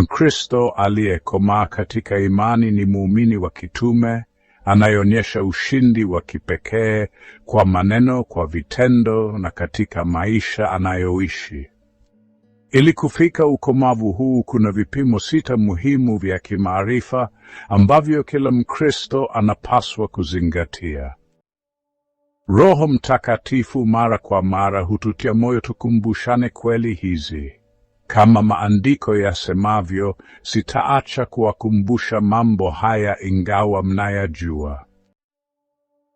Mkristo aliyekomaa katika imani ni muumini wa kitume anayeonyesha ushindi wa kipekee kwa maneno, kwa vitendo na katika maisha anayoishi. Ili kufika ukomavu huu, kuna vipimo sita muhimu vya kimaarifa ambavyo kila Mkristo anapaswa kuzingatia. Roho Mtakatifu mara kwa mara hututia moyo tukumbushane kweli hizi. Kama maandiko yasemavyo, sitaacha kuwakumbusha mambo haya ingawa mnayajua.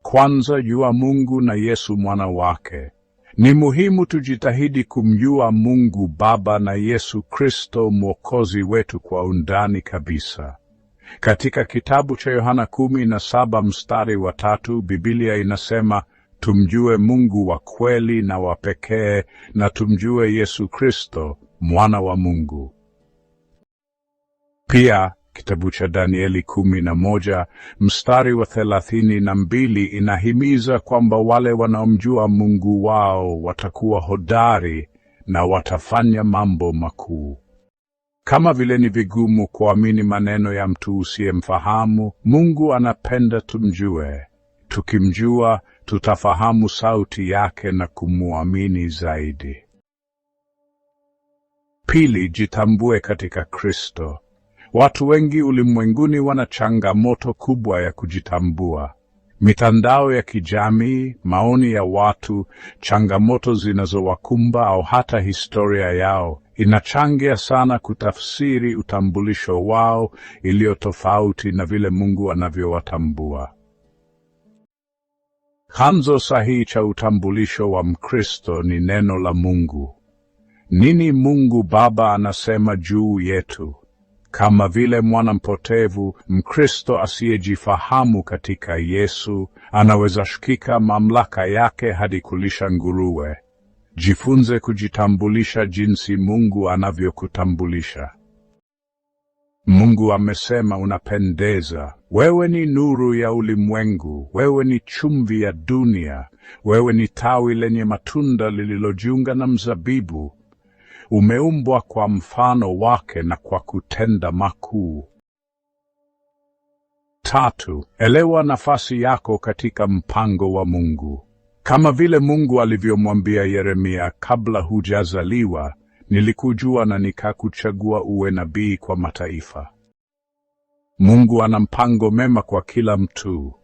Kwanza, jua Mungu na Yesu mwana wake. Ni muhimu tujitahidi kumjua Mungu Baba na Yesu Kristo Mwokozi wetu kwa undani kabisa. Katika kitabu cha Yohana kumi na saba mstari wa tatu, Biblia inasema tumjue Mungu wa kweli na wa pekee na tumjue Yesu Kristo mwana wa Mungu. Pia kitabu cha Danieli kumi na moja mstari wa thelathini na mbili inahimiza kwamba wale wanaomjua Mungu wao watakuwa hodari na watafanya mambo makuu. Kama vile ni vigumu kuamini maneno ya mtu usiyemfahamu, Mungu anapenda tumjue. Tukimjua tutafahamu sauti yake na kumwamini zaidi. Pili, jitambue katika Kristo. Watu wengi ulimwenguni wana changamoto kubwa ya kujitambua. Mitandao ya kijamii, maoni ya watu, changamoto zinazowakumba au hata historia yao inachangia sana kutafsiri utambulisho wao iliyo tofauti na vile Mungu anavyowatambua. Chanzo sahihi cha utambulisho wa Mkristo ni neno la Mungu. Nini Mungu Baba anasema juu yetu kama vile mwana mpotevu Mkristo asiyejifahamu katika Yesu anaweza shikika mamlaka yake hadi kulisha nguruwe. Jifunze kujitambulisha jinsi Mungu anavyokutambulisha. Mungu amesema unapendeza. Wewe ni nuru ya ulimwengu, wewe ni chumvi ya dunia, wewe ni tawi lenye matunda lililojiunga na mzabibu umeumbwa kwa mfano wake na kwa kutenda makuu. Tatu, elewa nafasi yako katika mpango wa Mungu. Kama vile Mungu alivyomwambia Yeremia, kabla hujazaliwa nilikujua na nikakuchagua uwe nabii kwa mataifa. Mungu ana mpango mema kwa kila mtu.